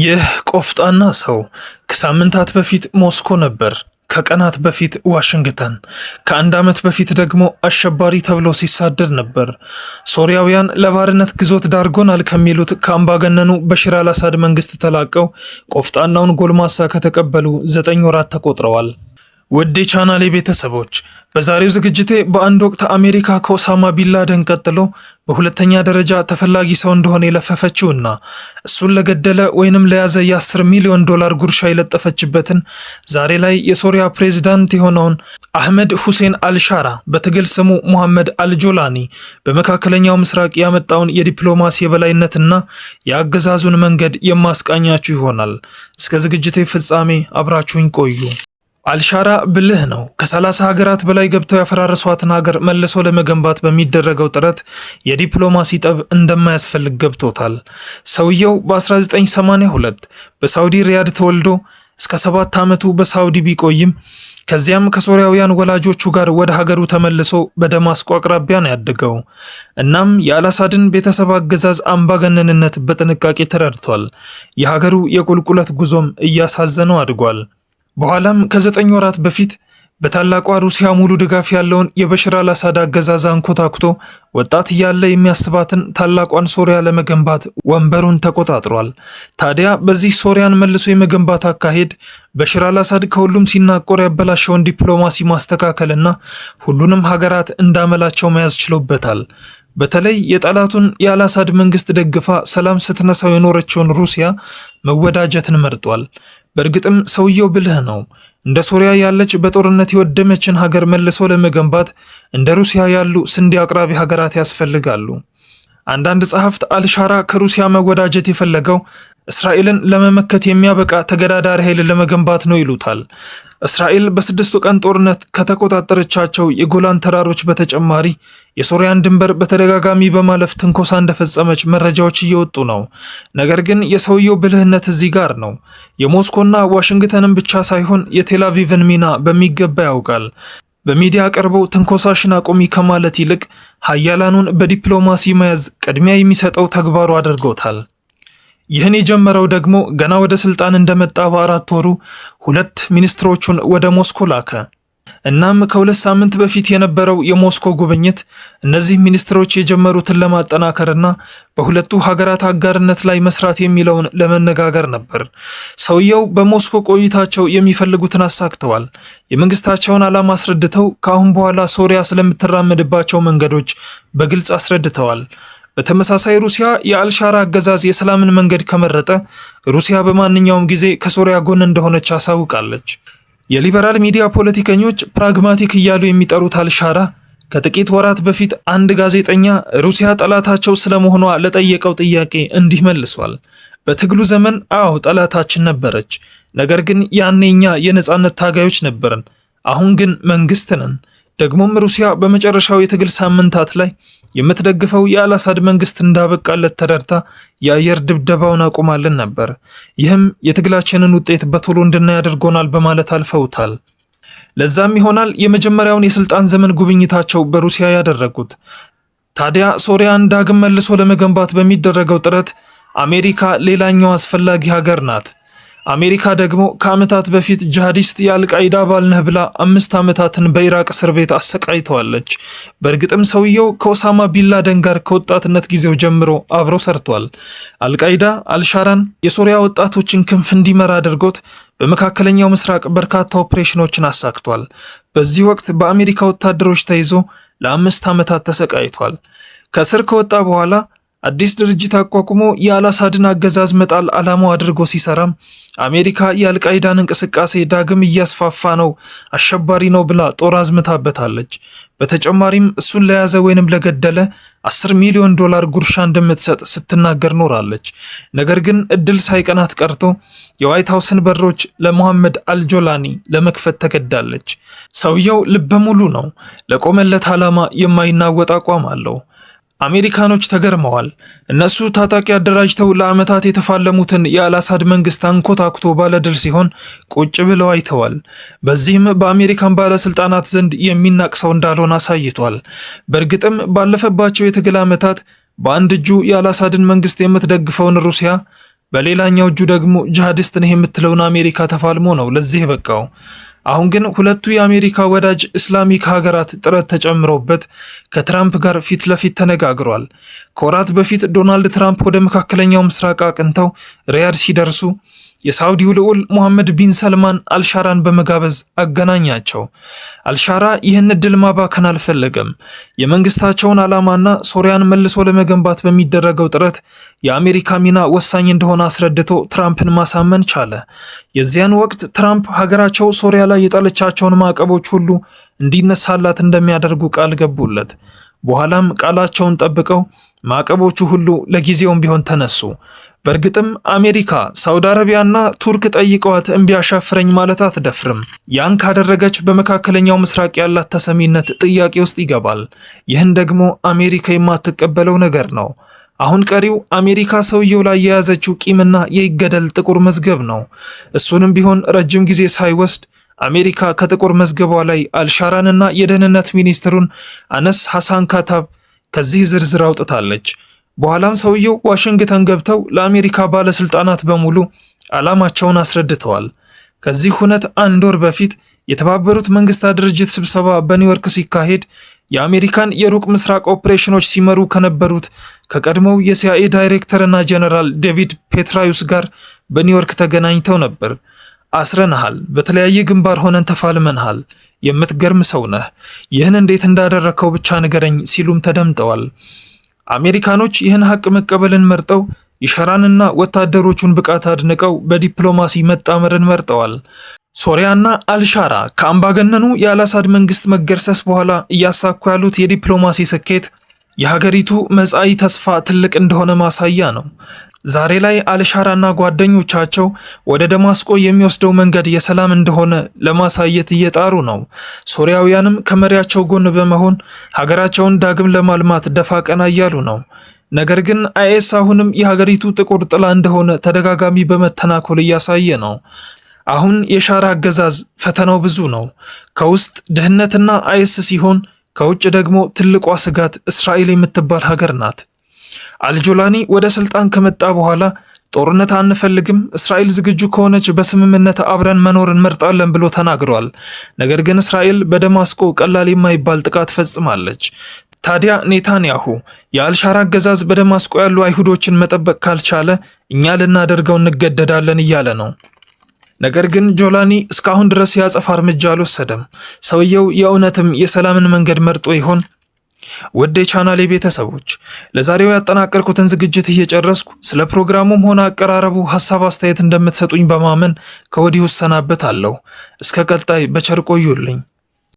ይህ ቆፍጣና ሰው ከሳምንታት በፊት ሞስኮ ነበር። ከቀናት በፊት ዋሽንግተን፣ ከአንድ ዓመት በፊት ደግሞ አሸባሪ ተብሎ ሲሳደድ ነበር። ሶሪያውያን ለባርነት ግዞት ዳርጎናል ከሚሉት ከአምባገነኑ በሽር አል አሳድ መንግስት ተላቀው ቆፍጣናውን ጎልማሳ ከተቀበሉ ዘጠኝ ወራት ተቆጥረዋል። ውድ ቻናሌ ቤተሰቦች በዛሬው ዝግጅቴ በአንድ ወቅት አሜሪካ ከኦሳማ ቢንላደን ቀጥሎ በሁለተኛ ደረጃ ተፈላጊ ሰው እንደሆነ የለፈፈችውና እሱን ለገደለ ወይንም ለያዘ የ10 ሚሊዮን ዶላር ጉርሻ የለጠፈችበትን ዛሬ ላይ የሶሪያ ፕሬዝዳንት የሆነውን አህመድ ሁሴን አልሻራ በትግል ስሙ ሙሐመድ አልጆላኒ በመካከለኛው ምስራቅ ያመጣውን የዲፕሎማሲ የበላይነትና የአገዛዙን መንገድ የማስቃኛችሁ ይሆናል። እስከ ዝግጅቴ ፍጻሜ አብራችሁኝ ቆዩ። አልሻራ ብልህ ነው። ከ30 ሀገራት በላይ ገብተው ያፈራረሷትን ሀገር መልሶ ለመገንባት በሚደረገው ጥረት የዲፕሎማሲ ጠብ እንደማያስፈልግ ገብቶታል። ሰውየው በ1982 በሳውዲ ሪያድ ተወልዶ እስከ ሰባት ዓመቱ በሳውዲ ቢቆይም ከዚያም ከሶሪያውያን ወላጆቹ ጋር ወደ ሀገሩ ተመልሶ በደማስቆ አቅራቢያ ነው ያደገው። እናም የአላሳድን ቤተሰብ አገዛዝ አምባገነንነት በጥንቃቄ ተረድቷል። የሀገሩ የቁልቁለት ጉዞም እያሳዘነው አድጓል። በኋላም ከዘጠኝ ወራት በፊት በታላቋ ሩሲያ ሙሉ ድጋፍ ያለውን የበሽር አላሳድ አገዛዝ አንኮታኩቶ ወጣት እያለ የሚያስባትን ታላቋን ሶሪያ ለመገንባት ወንበሩን ተቆጣጥሯል። ታዲያ በዚህ ሶሪያን መልሶ የመገንባት አካሄድ በሽር አላሳድ ከሁሉም ሲናቆር ያበላሸውን ዲፕሎማሲ ማስተካከልና ሁሉንም ሀገራት እንዳመላቸው መያዝ ችሎበታል። በተለይ የጠላቱን የአላሳድ መንግስት ደግፋ ሰላም ስትነሳው የኖረችውን ሩሲያ መወዳጀትን መርጧል። በእርግጥም ሰውየው ብልህ ነው። እንደ ሶሪያ ያለች በጦርነት የወደመችን ሀገር መልሶ ለመገንባት እንደ ሩሲያ ያሉ ስንዴ አቅራቢ ሀገራት ያስፈልጋሉ። አንዳንድ ጸሐፍት አልሻራ ከሩሲያ መወዳጀት የፈለገው እስራኤልን ለመመከት የሚያበቃ ተገዳዳሪ ኃይል ለመገንባት ነው ይሉታል። እስራኤል በስድስቱ ቀን ጦርነት ከተቆጣጠረቻቸው የጎላን ተራሮች በተጨማሪ የሶሪያን ድንበር በተደጋጋሚ በማለፍ ትንኮሳ እንደፈጸመች መረጃዎች እየወጡ ነው። ነገር ግን የሰውየው ብልህነት እዚህ ጋር ነው። የሞስኮና ዋሽንግተንን ብቻ ሳይሆን የቴላቪቭን ሚና በሚገባ ያውቃል። በሚዲያ ቀርበው ትንኮሳሽን አቁሚ ከማለት ይልቅ ሀያላኑን በዲፕሎማሲ መያዝ ቅድሚያ የሚሰጠው ተግባሩ አድርጎታል። ይህን የጀመረው ደግሞ ገና ወደ ስልጣን እንደመጣ በአራት ወሩ ሁለት ሚኒስትሮቹን ወደ ሞስኮ ላከ። እናም ከሁለት ሳምንት በፊት የነበረው የሞስኮ ጉብኝት እነዚህ ሚኒስትሮች የጀመሩትን ለማጠናከርና በሁለቱ ሀገራት አጋርነት ላይ መስራት የሚለውን ለመነጋገር ነበር። ሰውየው በሞስኮ ቆይታቸው የሚፈልጉትን አሳክተዋል። የመንግስታቸውን ዓላማ አስረድተው ከአሁን በኋላ ሶሪያ ስለምትራመድባቸው መንገዶች በግልጽ አስረድተዋል። በተመሳሳይ ሩሲያ የአልሻራ አገዛዝ የሰላምን መንገድ ከመረጠ ሩሲያ በማንኛውም ጊዜ ከሶሪያ ጎን እንደሆነች አሳውቃለች። የሊበራል ሚዲያ ፖለቲከኞች ፕራግማቲክ እያሉ የሚጠሩት አልሻራ ከጥቂት ወራት በፊት አንድ ጋዜጠኛ ሩሲያ ጠላታቸው ስለመሆኗ ለጠየቀው ጥያቄ እንዲህ መልሷል። በትግሉ ዘመን አዎ ጠላታችን ነበረች፣ ነገር ግን ያኔ እኛ የነፃነት ታጋዮች ነበርን። አሁን ግን መንግስት ነን። ደግሞም ሩሲያ በመጨረሻው የትግል ሳምንታት ላይ የምትደግፈው የአላሳድ መንግስት እንዳበቃለት ተረድታ የአየር ድብደባውን አቁማልን ነበር። ይህም የትግላችንን ውጤት በቶሎ እንድናይ አድርጎናል በማለት አልፈውታል። ለዛም ይሆናል የመጀመሪያውን የስልጣን ዘመን ጉብኝታቸው በሩሲያ ያደረጉት። ታዲያ ሶሪያን ዳግም መልሶ ለመገንባት በሚደረገው ጥረት አሜሪካ ሌላኛው አስፈላጊ ሀገር ናት። አሜሪካ ደግሞ ከዓመታት በፊት ጂሃዲስት የአልቃይዳ አባል ነህ ብላ አምስት ዓመታትን በኢራቅ እስር ቤት አሰቃይተዋለች። በእርግጥም ሰውየው ከኦሳማ ቢንላደን ጋር ከወጣትነት ጊዜው ጀምሮ አብሮ ሰርቷል። አልቃይዳ አልሻራን የሶሪያ ወጣቶችን ክንፍ እንዲመራ አድርጎት በመካከለኛው ምስራቅ በርካታ ኦፕሬሽኖችን አሳክቷል። በዚህ ወቅት በአሜሪካ ወታደሮች ተይዞ ለአምስት ዓመታት ተሰቃይቷል። ከእስር ከወጣ በኋላ አዲስ ድርጅት አቋቁሞ የአላሳድን አገዛዝ መጣል ዓላማው አድርጎ ሲሰራም አሜሪካ የአልቃይዳን እንቅስቃሴ ዳግም እያስፋፋ ነው፣ አሸባሪ ነው ብላ ጦር አዝምታበታለች። በተጨማሪም እሱን ለያዘ ወይንም ለገደለ 10 ሚሊዮን ዶላር ጉርሻ እንደምትሰጥ ስትናገር ኖራለች። ነገር ግን እድል ሳይቀናት ቀርቶ የዋይት ሀውስን በሮች ለሞሐመድ አልጆላኒ ለመክፈት ተገዳለች። ሰውየው ልበ ሙሉ ነው። ለቆመለት ዓላማ የማይናወጥ አቋም አለው። አሜሪካኖች ተገርመዋል። እነሱ ታጣቂ አደራጅተው ለዓመታት የተፋለሙትን የአልአሳድ መንግስት አንኮታኩቶ ባለድል ሲሆን ቁጭ ብለው አይተዋል። በዚህም በአሜሪካን ባለስልጣናት ዘንድ የሚናቅ ሰው እንዳልሆነ አሳይቷል። በእርግጥም ባለፈባቸው የትግል ዓመታት በአንድ እጁ የአልአሳድን መንግስት የምትደግፈውን ሩሲያ በሌላኛው እጁ ደግሞ ጂሃዲስት ነህ የምትለውን አሜሪካ ተፋልሞ ነው ለዚህ በቃው። አሁን ግን ሁለቱ የአሜሪካ ወዳጅ እስላሚክ ሀገራት ጥረት ተጨምሮበት ከትራምፕ ጋር ፊት ለፊት ተነጋግሯል። ከወራት በፊት ዶናልድ ትራምፕ ወደ መካከለኛው ምስራቅ አቅንተው ሪያድ ሲደርሱ የሳውዲው ልዑል ሙሐመድ ቢን ሰልማን አልሻራን በመጋበዝ አገናኛቸው። አልሻራ ይህን እድል ማባከን አልፈለገም። የመንግስታቸውን ዓላማና ሶሪያን መልሶ ለመገንባት በሚደረገው ጥረት የአሜሪካ ሚና ወሳኝ እንደሆነ አስረድቶ ትራምፕን ማሳመን ቻለ። የዚያን ወቅት ትራምፕ ሀገራቸው ሶሪያ ላይ የጣለቻቸውን ማዕቀቦች ሁሉ እንዲነሳላት እንደሚያደርጉ ቃል ገቡለት። በኋላም ቃላቸውን ጠብቀው ማዕቀቦቹ ሁሉ ለጊዜውም ቢሆን ተነሱ። በእርግጥም አሜሪካ፣ ሳውዲ አረቢያና ቱርክ ጠይቀዋት እምቢ አሻፍረኝ ማለት አትደፍርም። ያን ካደረገች በመካከለኛው ምስራቅ ያላት ተሰሚነት ጥያቄ ውስጥ ይገባል። ይህን ደግሞ አሜሪካ የማትቀበለው ነገር ነው። አሁን ቀሪው አሜሪካ ሰውየው ላይ የያዘችው ቂምና የይገደል ጥቁር መዝገብ ነው። እሱንም ቢሆን ረጅም ጊዜ ሳይወስድ አሜሪካ ከጥቁር መዝገቧ ላይ አልሻራንና የደህንነት ሚኒስትሩን አነስ ሐሳን ካታብ ከዚህ ዝርዝር አውጥታለች። በኋላም ሰውየው ዋሽንግተን ገብተው ለአሜሪካ ባለስልጣናት በሙሉ ዓላማቸውን አስረድተዋል። ከዚህ ሁነት አንድ ወር በፊት የተባበሩት መንግስታት ድርጅት ስብሰባ በኒውዮርክ ሲካሄድ የአሜሪካን የሩቅ ምስራቅ ኦፕሬሽኖች ሲመሩ ከነበሩት ከቀድሞው የሲአይኤ ዳይሬክተርና ጀነራል ዴቪድ ፔትራዩስ ጋር በኒውዮርክ ተገናኝተው ነበር። አስረንሃል፣ በተለያየ ግንባር ሆነን ተፋልመንሃል፣ የምትገርም ሰው ነህ፣ ይህን እንዴት እንዳደረከው ብቻ ንገረኝ ሲሉም ተደምጠዋል። አሜሪካኖች ይህን ሀቅ መቀበልን መርጠው የሸራንና ወታደሮቹን ብቃት አድንቀው በዲፕሎማሲ መጣመርን መርጠዋል። ሶሪያና አልሻራ ከአምባገነኑ የአላሳድ መንግስት መገርሰስ በኋላ እያሳኩ ያሉት የዲፕሎማሲ ስኬት የሀገሪቱ መጻኢ ተስፋ ትልቅ እንደሆነ ማሳያ ነው። ዛሬ ላይ አልሻራና ጓደኞቻቸው ወደ ደማስቆ የሚወስደው መንገድ የሰላም እንደሆነ ለማሳየት እየጣሩ ነው። ሶሪያውያንም ከመሪያቸው ጎን በመሆን ሀገራቸውን ዳግም ለማልማት ደፋ ቀና እያሉ ነው። ነገር ግን አይኤስ አሁንም የሀገሪቱ ጥቁር ጥላ እንደሆነ ተደጋጋሚ በመተናኮል እያሳየ ነው። አሁን የሻራ አገዛዝ ፈተናው ብዙ ነው። ከውስጥ ድህነትና አይኤስ ሲሆን፣ ከውጭ ደግሞ ትልቋ ስጋት እስራኤል የምትባል ሀገር ናት። አልጆላኒ ወደ ስልጣን ከመጣ በኋላ ጦርነት አንፈልግም፣ እስራኤል ዝግጁ ከሆነች በስምምነት አብረን መኖር እንመርጣለን ብሎ ተናግሯል። ነገር ግን እስራኤል በደማስቆ ቀላል የማይባል ጥቃት ፈጽማለች። ታዲያ ኔታንያሁ የአልሻራ አገዛዝ በደማስቆ ያሉ አይሁዶችን መጠበቅ ካልቻለ እኛ ልናደርገው እንገደዳለን እያለ ነው። ነገር ግን ጆላኒ እስካሁን ድረስ የአጸፋ እርምጃ አልወሰደም። ሰውየው የእውነትም የሰላምን መንገድ መርጦ ይሆን? ወደ ቻናሌ ቤተሰቦች ለዛሬው ያጠናቀርኩትን ዝግጅት እየጨረስኩ ስለ ፕሮግራሙም ሆነ አቀራረቡ ሀሳብ አስተያየት እንደምትሰጡኝ በማመን ከወዲሁ እሰናበታለሁ። እስከ ቀጣይ በቸር ቆዩልኝ።